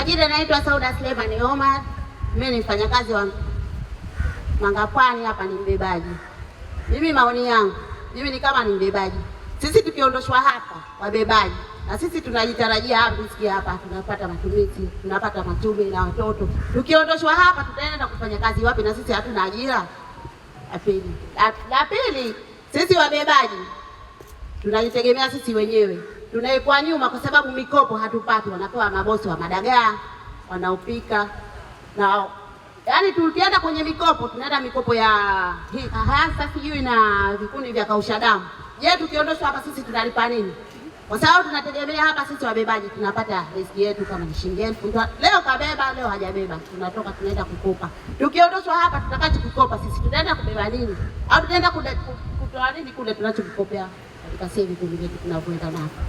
majina naitwa Sauda Sleman Omar. Mimi ni mfanyakazi wa Mangapwani, hapa ni mbebaji. Mimi maoni yangu, mimi ni kama ni mbebaji. Sisi tukiondoshwa hapa wabebaji, na sisi tunajitarajia hapa riziki hapa tunapata matumizi, tunapata matumi na watoto. Tukiondoshwa hapa tutaenda kufanya kazi wapi? Na sisi hatuna ajira. La pili, la pili, sisi wabebaji tunajitegemea sisi wenyewe. Tunaikuwa nyuma kwa sababu mikopo hatupati, wanapewa mabosi wa madagaa wanaopika na yaani, tukienda kwenye mikopo tunaenda mikopo ya hasa sijui na vikundi vya kausha damu. Je, tukiondoshwa hapa sisi tunalipa nini? Kwa sababu tunategemea hapa sisi wabebaji tunapata riski yetu, kama ni shilingi elfu leo kabeba, leo hajabeba, tunatoka tunaenda kukopa. Tukiondoshwa hapa tutakacho kukopa sisi tunaenda kubeba nini? Au tunaenda kutoa nini kule tunachokikopea? ikasie vikundi vyetu tunavyoenda nako.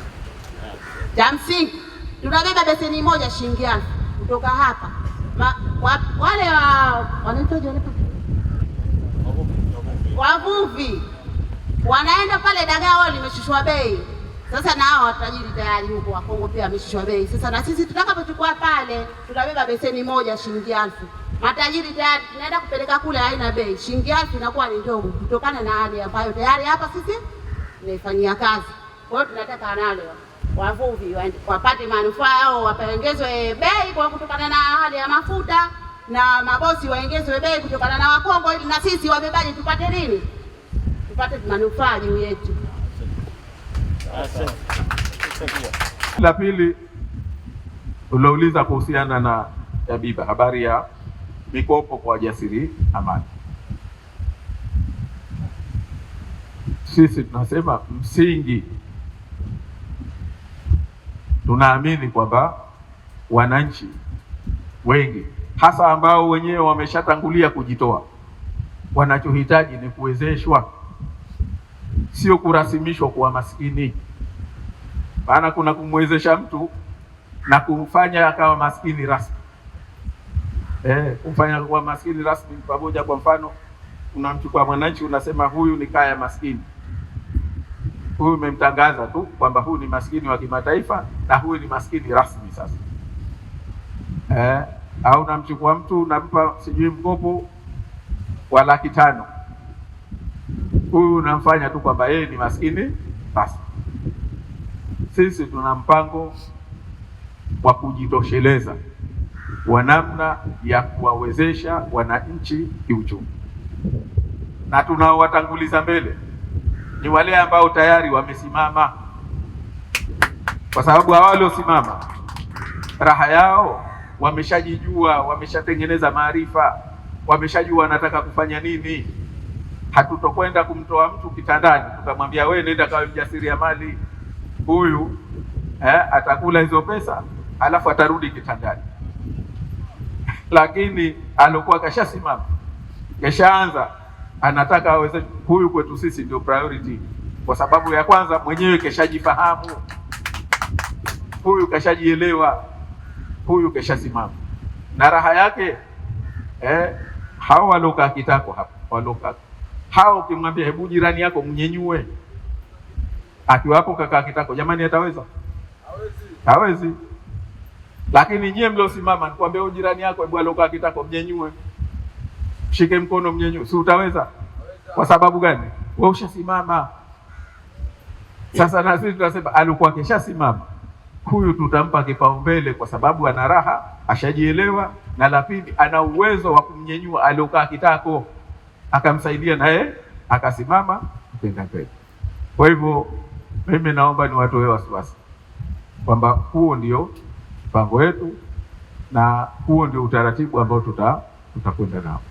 Cha msingi tunabeba beseni moja shilingi elfu kutoka hapa Ma, wa, wale wanaitaji wale wavuvi wanaenda pale dagaa, wao limeshushwa bei sasa, na watajiri tayari huko Wakongo pia wameshushwa bei sasa, na sisi tutakapochukua pale tunabeba beseni moja shilingi elfu matajiri tayari tunaenda kupeleka kule, haina bei. Shilingi elfu inakuwa ni ndogo kutokana na hali ambayo tayari hapa sisi tunaifanyia kazi. Kwa hiyo tunataka nalo wavuvi wapate manufaa yao, wapengezwe bei kwa kutokana na hali ya mafuta, na mabosi waongezwe bei kutokana na Wakongo, ili na sisi wabebaji tupate nini? Tupate manufaa juu yetu. La pili ulouliza kuhusiana na Tabiba, habari ya mikopo kwa jasiri amani sisi tunasema msingi, tunaamini kwamba wananchi wengi hasa ambao wenyewe wameshatangulia kujitoa wanachohitaji ni kuwezeshwa, sio kurasimishwa kuwa maskini. Maana kuna kumwezesha mtu na kumfanya akawa maskini rasmi. Eh, kumfanya kuwa maskini rasmi pamoja. Kwa mfano, unamchukua mwananchi unasema huyu ni kaya maskini, huyu umemtangaza tu kwamba huyu ni maskini wa kimataifa na huyu ni maskini rasmi sasa. Eh, au namchukua mtu nampa sijui mkopo wa laki tano, huyu unamfanya tu kwamba yeye ni maskini rasmi. Sisi tuna mpango wa kujitosheleza wa namna ya kuwawezesha wananchi kiuchumi na tunaowatanguliza mbele ni wale ambao tayari wamesimama, kwa sababu hawa waliosimama raha yao wameshajijua, wameshatengeneza maarifa, wameshajua wanataka kufanya nini. Hatutokwenda kumtoa mtu kitandani tukamwambia wewe nenda kawe mjasiriamali huyu eh, atakula hizo pesa alafu atarudi kitandani. Lakini alikuwa kashasimama, kashaanza anataka aweze huyu kwetu sisi ndio priority, kwa sababu ya kwanza mwenyewe keshajifahamu, huyu keshajielewa, huyu keshasimama na raha yake eh, hao waloka kitako hapo, waloka hao, ukimwambia hebu jirani yako mnyenyue, akiwa hapo kakaa kitako, jamani, ataweza? Hawezi. Lakini nyie mliosimama, nikwambia jirani yako, hebu aloka kitako mnyenyue shike mkono mnyenyu si utaweza? Kwa sababu gani? We ushasimama. Sasa na sisi tunasema alikuwa akishasimama huyu, tutampa kipaumbele kwa sababu ana raha, ashajielewa, na la pili, ana uwezo wa kumnyenyua aliokaa kitako, akamsaidia naye akasimama kwenda mbele. Kwa hivyo mimi naomba niwatoe wasiwasi kwamba huo ndio mpango wetu na huo ndio utaratibu ambao tuta tutakwenda nao.